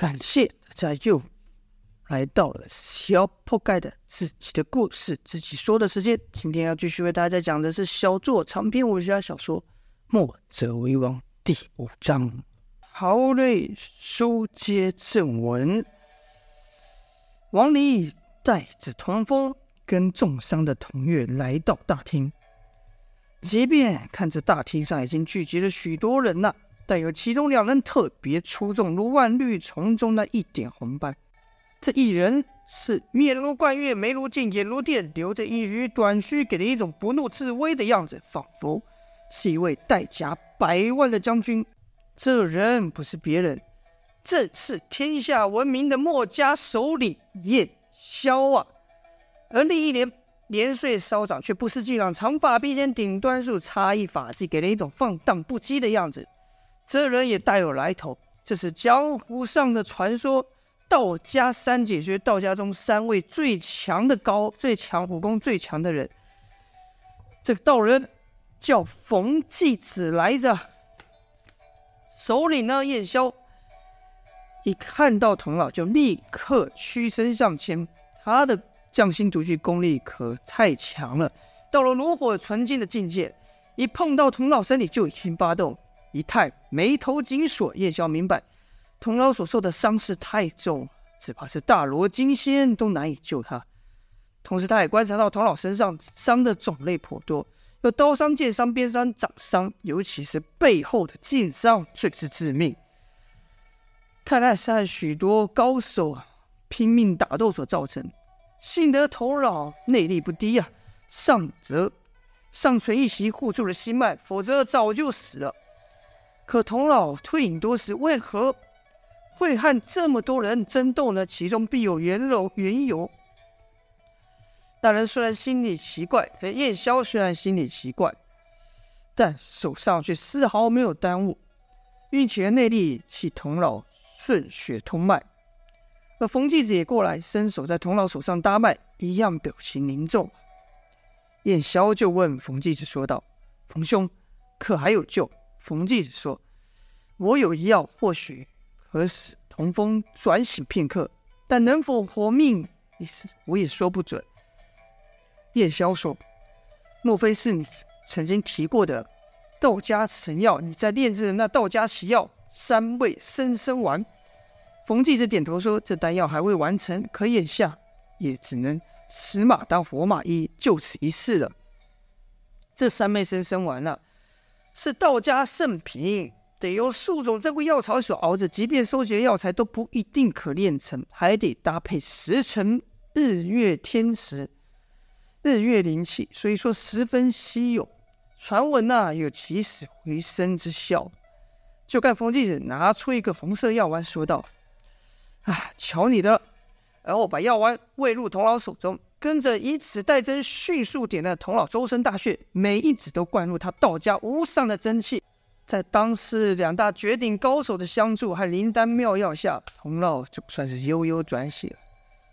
感謝大家又來到了小破蓋的自己的故事自己說的時間。今天要繼續為大家講的是小作長篇武俠小說《墨者為王》第五章。好嘞，書接正文。王黎帶着童風跟重傷的童月來到大廳，即便看着大廳上已經聚集了許多人了。但有其中兩人特別出眾，如萬綠叢中的一點紅斑。這一人是面如冠月，眉如劍，眼如電，留着一縷短須，給人一種不怒自威的樣子，仿佛是一位帶甲百萬的將軍。這人不是別人，正是天下聞名的墨家首領雁霄啊。而另一人，年歲稍長，卻不失俊朗，長髮披肩，頂端處插一髮髻，給人一種放蕩不羈的樣子。這人也大有來頭，這是江湖上的傳說，道家三傑，就是道家中三位最強的高、最強武功最強的人。這個道人叫馮季子來着，首領呢，雁霄。一看到童老，就立刻屈身上前。他的匠心獨具功力可太強了，到了爐火純青的境界，一碰到童老身體就已經發動。一太眉頭緊鎖，雁霄明白，童老所受的傷勢太重，只怕是大羅金仙都難以救他。同時，他也觀察到童老身上傷的種類頗多，有刀傷、劍傷、鞭傷、掌傷，尤其是背後的劍傷最是致命。看來是許多高手啊拼命打鬥所造成。幸得童老內力不低啊，尚則尚存一息護住了心脈，否則早就死了。可童老退隱多時，為何會和這麼多人爭鬥呢？其中必有緣由。緣由。大人雖然心裡奇怪，可雁霄雖然心裡奇怪，但手上卻絲毫沒有耽誤，運起內力替童老順血通脈。而馮季子也過來，伸手在童老手上搭脈，一樣表情凝重。雁霄就問馮季子說道：“馮兄，可還有救？”馮馮季子說：“我有一藥，或許可使童風轉醒片刻，但能否活命，也是我也說不準。”雁霄說：“莫非是你曾經提過的道家神藥？你在煉制的那道家奇藥三味生生丸？”馮馮季子點頭說：“這丹藥還未完成，可眼下也只能死馬當活馬醫，就此一試了。這三昧生生丸了。”是道家聖品，得用數種珍貴藥草所熬制，即便收集藥材都不一定可煉成，還得搭配時辰，日月天時、日月靈氣，所以說十分稀有。傳聞吶，有起死回生之效。就看馮季子拿出一個紅色藥丸，說道：“啊，瞧你的。”然後我把藥丸餵入童老手中。跟着以指代針，迅速點亮童老周身大穴，每一指都灌入他道家無上的真氣。在當世兩大絕頂高手的相助和靈丹妙藥下，童老總算是悠悠轉醒。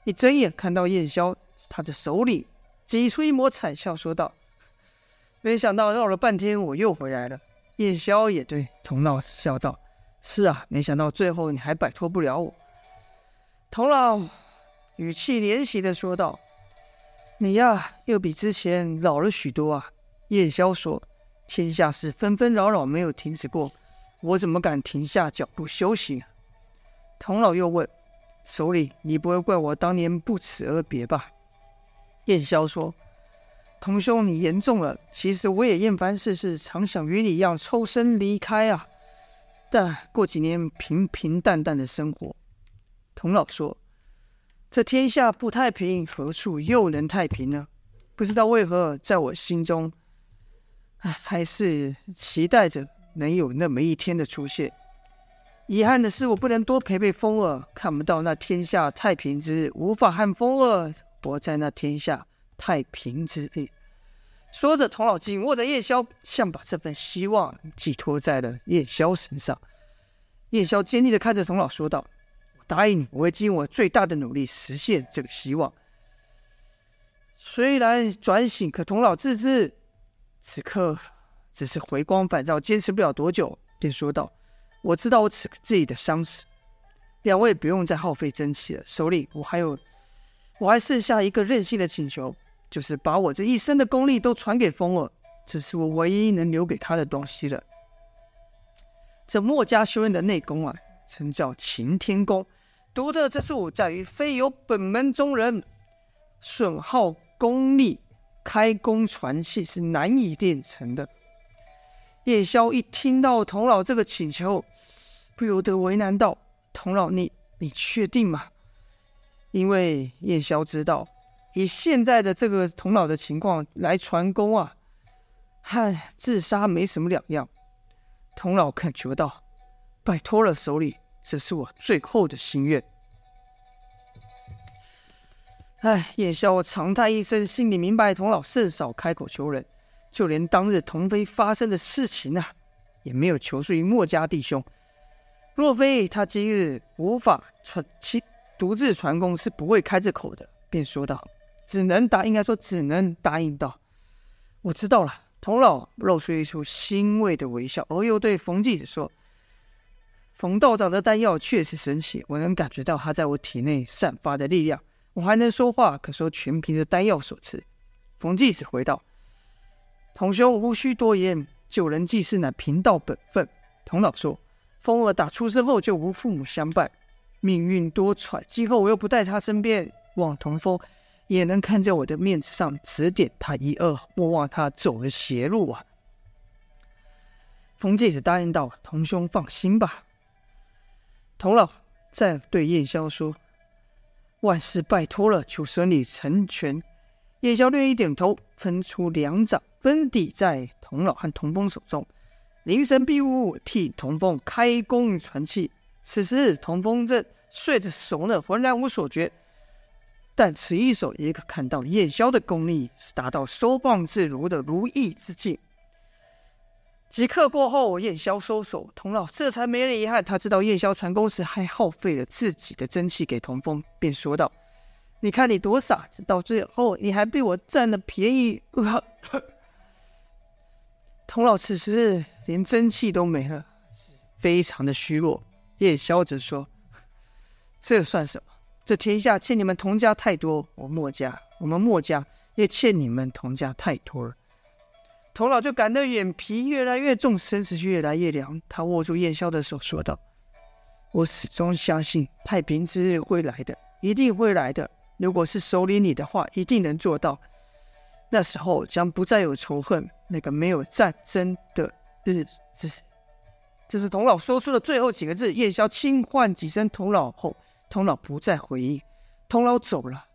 一睜眼看到雁霄，他的手裡擠出一抹慘笑，說道：“沒想到繞了半天，我又回來了。”雁霄也對童老笑道：“是啊，沒想到最後你還擺脫不了我。”童老語氣憐惜地說道。你呀、啊，又比之前老了許多啊。雁霄說：“天下事紛紛擾擾，沒有停止過，我怎麼敢停下腳步休息啊？”童老又問：“首領，你不會怪我當年不辭而別吧？”雁霄說：“童兄，你言重了。其實我也厭煩世事，事，常想與你一樣抽身離開啊。但過幾年平平淡淡的生活。”童老說。這天下不太平，何處又能太平呢？不知道為何，在我心中，唉，還是期待着能有那麼一天的出現。遺憾的是，我不能多陪陪風兒，看不到那天下太平之日，無法和風兒活在那天下太平之日。說着，童老緊握着雁霄，想把這份希望寄托在了雁霄身上。雁霄堅定的看着童老，說道。答應你，我會盡我最大的努力實現這個希望。雖然轉醒，可童老自知此刻只是回光返照，堅持不了多久，便說道：“我知道我此刻自己的傷勢，兩位不用再耗費真氣了。首領，我還有，我還剩下一個任性的請求，就是把我這一生的功力都傳給風兒，這是我唯一能留給他的東西了。這墨家修煉的內功啊，稱叫黔天功。”獨特之處在於，非有本門中人損耗功力、開功傳氣是難以練成的。雁霄一聽到童老這個請求，不由得為難道：“童老，你你確定嗎？”因為雁霄知道，以現在的這個童老的情況來傳功啊，和自殺沒什麼兩樣。童老懇求道，拜托了，首領。這是我最後的心願。唉，眼下我長嘆一聲，心裡明白童老甚少開口求人，就連當日童飛發生的事情啊，也沒有求助於墨家弟兄。若非他今日無法傳其獨自傳功，是不會開這口的。便說道：“只能答應，應該說只能答應道，我知道了。”童老露出一出欣慰的微笑，而又對馮季子說。馮道長的丹藥確實神奇，我能感覺到它在我體內散發的力量。我還能說話，可說全憑着丹藥所持。馮季子回道：“童兄無需多言，救人濟世乃貧道本分。”童老說：“風兒打出生後就無父母相伴，命運多舛。今後我又不在他身邊往同，望童風也能看在我的面子上指點他一二，莫忘他走了邪路啊。”馮季子答應道：“童兄放心吧。”童姥再對雁霄說：“萬事拜托了，求神女成全。”雁霄略一點頭，分出兩掌，分抵在童姥和童風手中。凝神庇護，替童風開功傳氣。此時童風正睡得熟了，渾然無所覺。但此一手也可看到雁霄的功力是達到收放自如的如意之境。即刻過後，雁霄收手，童老這才沒了遺憾。他知道雁霄傳功時還耗費了自己的真氣給童風，便說道：“你看你多傻，到最後你還被我占了便宜。呃”童老此時連真氣都沒了，非常的虛弱。雁霄則說：“這算什麼？這天下欠你們童家太多，我墨家，我們墨家也欠你們童家太多。”童老就感到眼皮越來越重，身子越來越涼。他握住雁霄的手，說道：“我始終相信太平之日會來的，一定會來的。如果是首領你的話，一定能做到。那時候將不再有仇恨，那個沒有戰爭的日子。”這是童老說出的最後幾個字。雁霄輕喚幾聲童老後，童老不再回應。童老走了，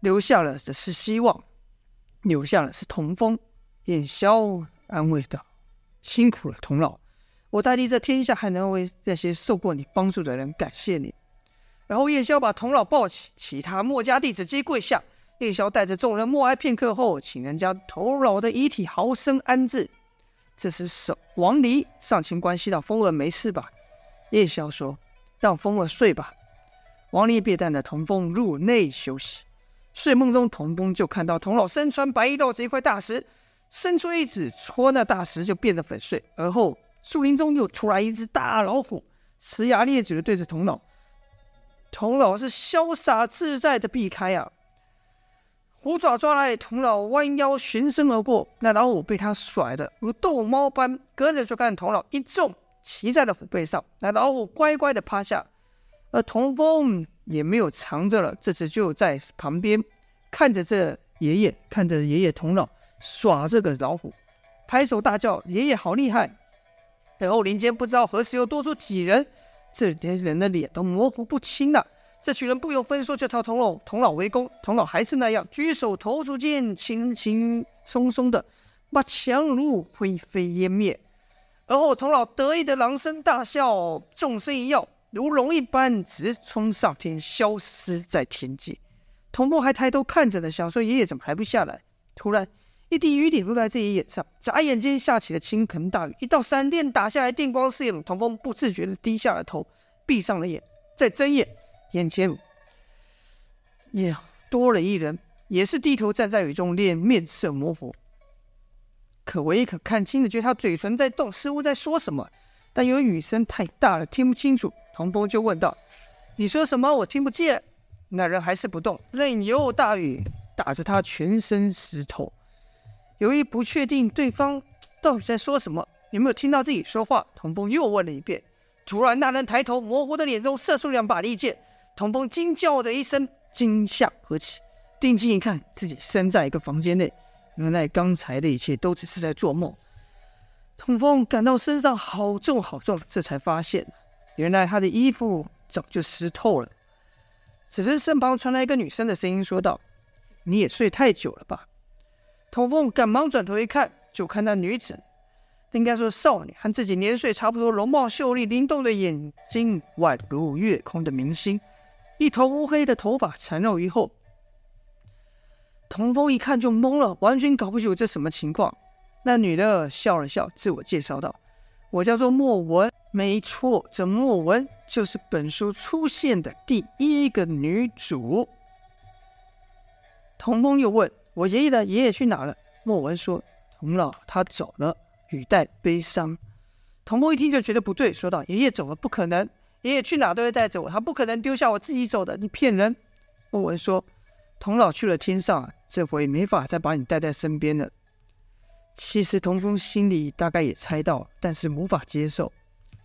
留下了的是希望，留下了是童風。雁霄安慰道：“辛苦了，童老，我代替這天下，還能為那些受過你幫助的人感謝你。”然後雁霄把童老抱起，其他墨家弟子皆跪下。雁霄帶着眾人默哀片刻後，請人將童老的遺體好生安置。這時，守王離上前關心道：“風兒沒事吧？”雁霄說：“讓風兒睡吧。”王離便帶了童風入內休息。睡夢中，童風就看到童老身穿白衣，抱着一塊大石。伸出一指戳那大石，就變得粉碎。而後樹林中又出來一隻大老虎，呲牙咧嘴的對着童老。童老是瀟灑自在的避開啊。虎爪抓來，童老彎腰循聲而過。那老虎被他甩的如逗貓般，跟着就看童老一縱騎在了虎背上。那老虎乖乖的趴下，而童風也沒有藏着了，這次就在旁邊看着這爺爺，看着爺爺童老。耍這個老虎，拍手大叫：“爺爺好厲害！”然、呃、後林間不知道何時又多出幾人，這些人的臉都模糊不清了、啊。這群人不由分說就朝童老童老圍攻，童老還是那樣舉手投足間輕輕松松的把強弩灰飛煙滅。而後童老得意的朗聲大笑，縱身一躍，如龍一般直衝上天，消失在天際。童木還抬頭看着呢，想說爺爺怎麼還不下來？突然。一滴雨點落在自己眼上，眨眼間下起了傾盆大雨。一道閃電打下來，電光刺眼。唐峰不自覺地低下了頭，閉上了眼，再睜眼，眼前也多了一人，也是低頭站在雨中練，臉面色模糊。可唯一可看清的就是他嘴唇在動，似乎在說什麼，但由於雨聲太大了，聽不清楚。唐峰就問道：“你說什麼？我聽不見。”那人還是不動，任由大雨打着他，全身濕透。由於不確定對方到底在說什麼，有沒有聽到自己說話，童風又問了一遍。突然，那人抬頭，模糊的臉中射出兩把利劍，童風驚叫的一聲，驚嚇而起，定睛一看，自己身在一個房間內，原來剛才的一切都只是在做夢。童風感到身上好重好重，這才發現，原來他的衣服早就濕透了。此時，身旁傳來一個女生的聲音說道：“你也睡太久了吧？”童風趕忙轉頭一看，就看那女子，應該說少女，和自己年歲差不多，容貌秀麗，靈動的眼睛宛如夜空的明星，一頭烏黑的頭髮纏繞於後。童風一看就懵了，完全搞不清楚這什麼情況。那女的笑了笑，自我介紹道：“我叫做莫雯，沒錯，這莫雯就是本書出現的第一個女主。”童風又問。我爺爺的爺爺去哪了？莫雯說：“童老他走了，語帶悲傷。”童風一聽就覺得不對，說道：“爺爺走了不可能，爺爺去哪都會帶着我，他不可能丟下我自己走的。你騙人！”莫雯說：“童老去了天上，這回沒法再把你帶在身邊了。”其實童風心裡大概也猜到，但是無法接受，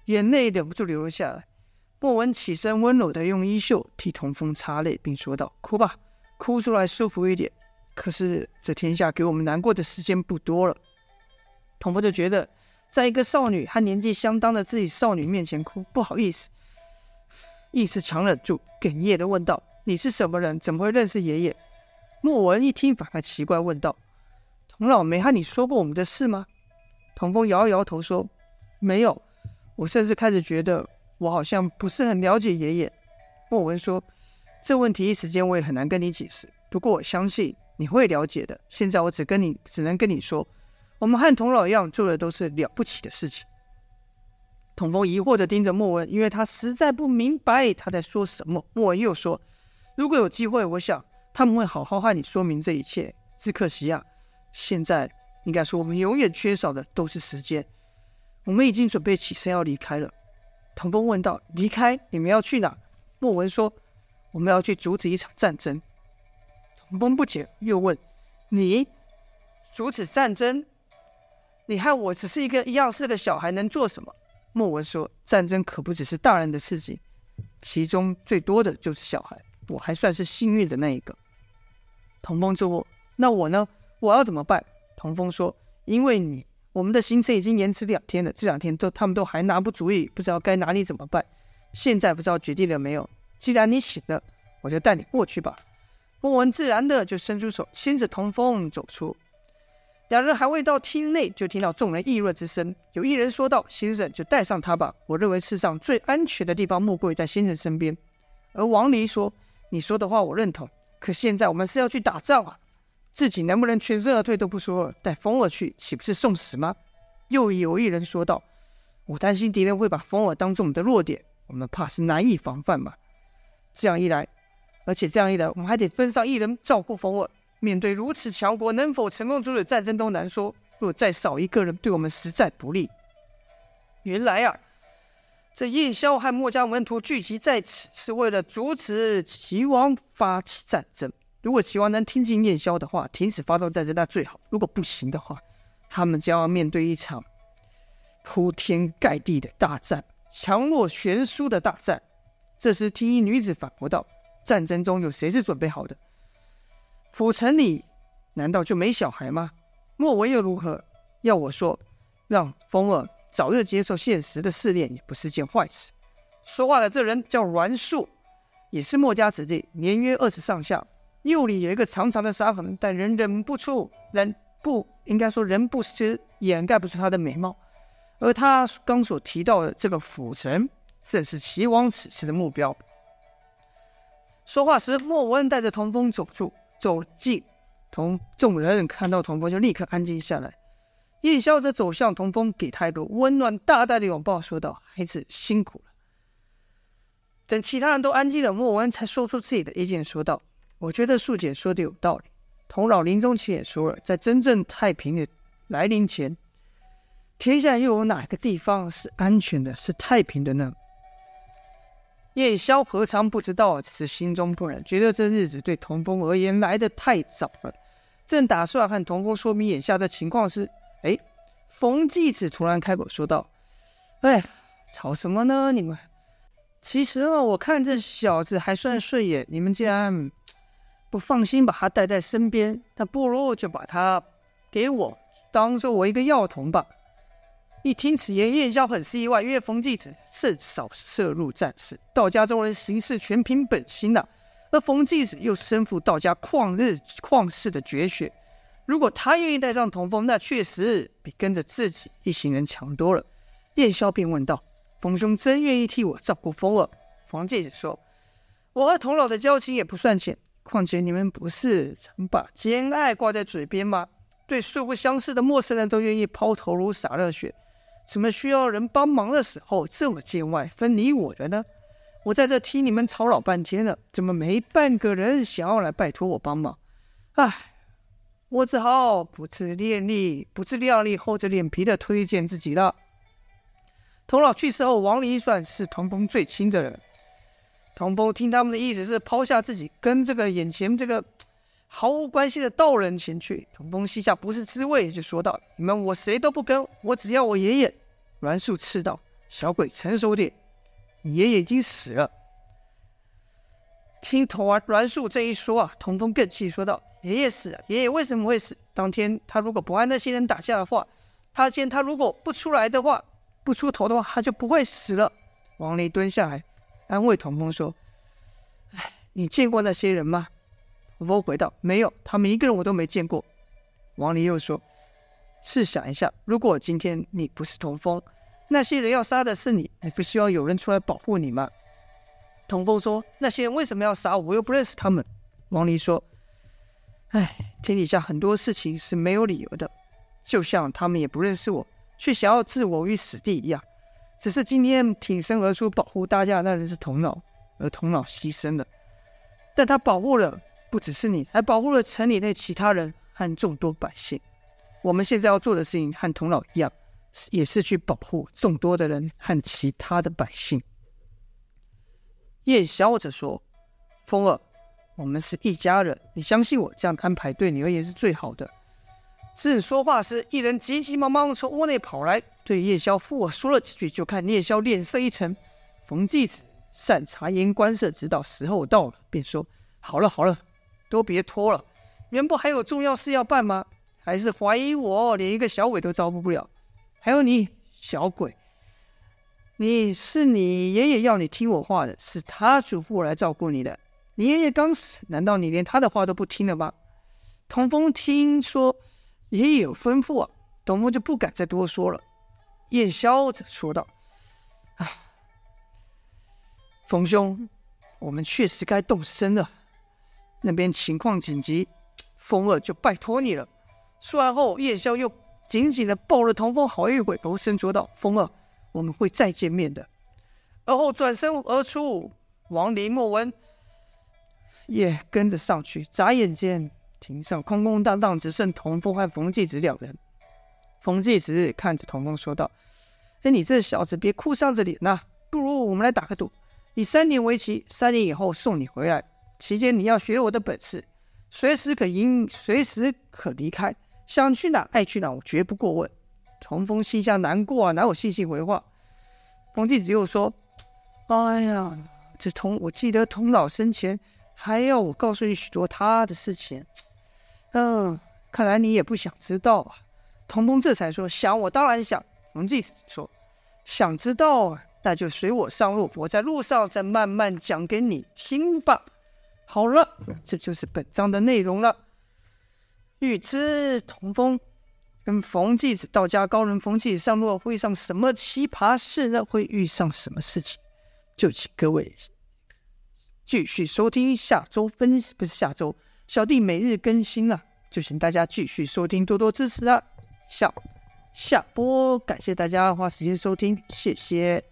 眼淚忍不住流了下來。莫雯起身，溫柔的用衣袖替童風擦淚，並說道：“哭吧，哭出來舒服一點。”可是這天下給我們難過的時間不多了，童峰就覺得，在一個少女和年紀相當的自己少女面前哭，不好意思，意識強忍住，哽咽的問道：“你是什麼人？怎麼會認識爺爺？”莫雯一聽，反而奇怪問道：“童老沒和你說過我們的事嗎？”童峰搖了搖頭說：“沒有。”我甚至開始覺得，我好像不是很了解爺爺。莫雯說：“這問題一時間我也很難跟你解釋，不過我相信。”你會了解的。現在我只跟你，只能跟你說，我們和童老一樣做的都是了不起的事情。童峰疑惑的盯着莫雯，因為他實在不明白他在說什麼。莫雯又說：“如果有機會，我想他們會好好和你說明這一切。只可惜啊，現在應該說我們永遠缺少的都是時間。我們已經準備起身要離開了。”童峰問道：“離開，你們要去哪？”莫雯說：“我們要去阻止一場戰爭。”童風不解，又問：“你阻止戰爭？你和我只是一個一二歲的小孩，能做什麼？”莫雯說：“戰爭可不只是大人的事情，其中最多的就是小孩。我還算是幸運的那一個。”童風就問：“那我呢？我要怎麼辦？”童風說：“因為你，我們的行程已經延遲兩天了。這兩天都他們都還拿不主意，不知道該拿你怎麼辦。現在不知道決定了沒有？既然你醒了，我就帶你過去吧。”莫雯自然的就伸出手，牽着童風走出。兩人還未到廳內，就聽到眾人議論之聲。有一人說道：“先生就帶上他吧，我認為世上最安全的地方莫過於在先生身邊。”而王離說：“你說的話我認同，可現在我們是要去打仗啊，自己能不能全身而退都不說了，帶風兒去豈不是送死嗎？”又有一人說道：“我擔心敵人會把風兒當做我們的弱點，我們怕是難以防範嘛。這樣一來。”而且這樣一來，我們還得分上一人照顧馮二，面對如此強國，能否成功阻止戰爭都難說。若再少一個人，對我們實在不利。原來啊，這雁霄和墨家門徒聚集在此，是為了阻止齊王發起戰爭。如果齊王能聽進雁霄的話，停止發動戰爭，那最好。如果不行的話，他們將要面對一場鋪天蓋地的大戰，強弱懸殊的大戰。這時，聽一女子反駁道。戰爭中有誰是準備好的？府城裡難道就沒小孩嗎？莫雯又如何？要我說，讓風兒早日接受現實的試煉也不是件壞事。說話的這人叫欒素，也是墨家子弟，年約二十上下，右臉有一個長長的傷痕，但人忍不出，人不應該說人不施，掩蓋不出他的美貌。而他剛所提到的這個府城，正是齊王此次的目標。說話時，莫雯帶着童風走出，走進，同眾人看到童風就立刻安靜下來。雁霄則走向童風，給他一個溫暖大大的擁抱，說道：“孩子辛苦了。”等其他人都安靜了，莫雯才說出自己的意見，說道：“我覺得素姐說的有道理。童老臨終前也說了，在真正太平的來臨前，天下又有哪個地方是安全的，是太平的呢？”雁霄何嘗不知道，只是心中不忍，覺得這日子對童風而言來得太早了。正打算和童風說明眼下的情況時，哎，馮季子突然開口說道：“哎，吵什麼呢？你們？其實啊、哦，我看這小子還算順眼。你們既然不放心把他帶在身邊，那不如就把他給我，當做我一個藥童吧。”一聽此言，雁霄很是意外，因為馮季子甚少涉入戰事，道家中人行事全憑本心的、啊。而馮季子又身負道家曠日曠世的絕學，如果他願意帶上童風，那確實比跟着自己一行人強多了。雁霄便問道：“馮兄真願意替我照顧風兒、啊？”馮季子說：“我和童老的交情也不算淺，況且你們不是曾把兼愛掛在嘴邊嗎？對素不相識的陌生人都願意拋頭顱灑熱血。”怎麼需要人幫忙的時候這麼見外分你我的呢？我在這聽你們吵老半天了，怎麼沒半個人想要來拜托我幫忙？唉，我只好不自量力、不自量力、厚着臉皮的推薦自己了。童老去世後，王林算是童峰最親的人。童峰聽他們的意思是拋下自己跟這個眼前這個。毫無關係的道人前去，童風心下不是滋味，就說道：“你們我誰都不跟，我只要我爺爺。”欒素斥道：“小鬼，成熟點！你爺爺已經死了。聽頭啊”聽童兒欒素這一說啊，童風更氣，說道：“爺爺死了，爺爺為什麼會死？當天他如果不按那些人打架的話，他見他如果不出來的話，不出頭的話，他就不會死了。”王林蹲下來，安慰童風說：“哎，你見過那些人嗎？”我回道：“沒有，他們一個人我都沒見過。”王離又說：“試想一下，如果今天你不是童風，那些人要殺的是你，你不希望有人出來保護你嗎？”童風說：“那些人為什麼要殺我？我又不認識他們。”王離說：“唉，天底下很多事情是沒有理由的，就像他們也不認識我，卻想要置我於死地一樣。只是今天挺身而出保護大家的那人是童老，而童老犧牲了，但他保護了。”不只是你，還保護了城裡內其他人和眾多百姓。我們現在要做的事情和童老一樣，也是去保護眾多的人和其他的百姓。雁霄則說：“風兒，我們是一家人，你相信我，這樣的安排對你而言是最好的。”正說話時，一人急急忙忙從屋內跑來，對雁霄附耳說了幾句，就看雁霄臉色一沉。馮季子善察言觀色，知道時候到了，便說：“好了，好了。”都別拖了，你們不還有重要事要辦嗎？還是懷疑我連一個小鬼都照顧不了？還有你小鬼，你是你爺爺要你聽我話的，是他囑咐我來照顧你的。你爺爺剛死，難道你連他的話都不聽了嗎？童風聽說爺爺有吩咐啊，童風就不敢再多說了。雁霄則說道：“啊，馮兄，我們確實該動身了。”那邊情況緊急，風兒就拜託你了。說完後，雁霄又緊緊的抱了童風好一會，柔聲說道：“風兒，我們會再見面的。”而後轉身而出，欒素莫雯也、yeah, 跟着上去。眨眼間，庭上空空荡蕩，只剩童風和馮季子兩人。馮季子看着童風說道：“哎、欸，你這小子別哭喪着臉，啊，吶，不如我們來打個賭，以三年為期，三年以後送你回來。”期間你要學我的本事，隨時可應，隨時可離開，想去哪愛去哪，我絕不過問。童風心下難過啊，哪有信心回話？馮季子又說：“哎呀，這童，我記得童老生前還要我告訴你許多他的事情。嗯，看來你也不想知道啊。”童風這才說：“想，我當然想。”馮季子說：“想知道啊，那就隨我上路，我在路上再慢慢講給你聽吧。”好了，這就是本章的內容了。欲知同風跟馮季子道家高人馮季子上路會上什麼奇葩事呢？會遇上什麼事情？就請各位繼續收聽。下周分不是下周，小弟每日更新了，啊，就請大家繼續收聽，多多支持啊！下下播，感謝大家花時間收聽，謝謝。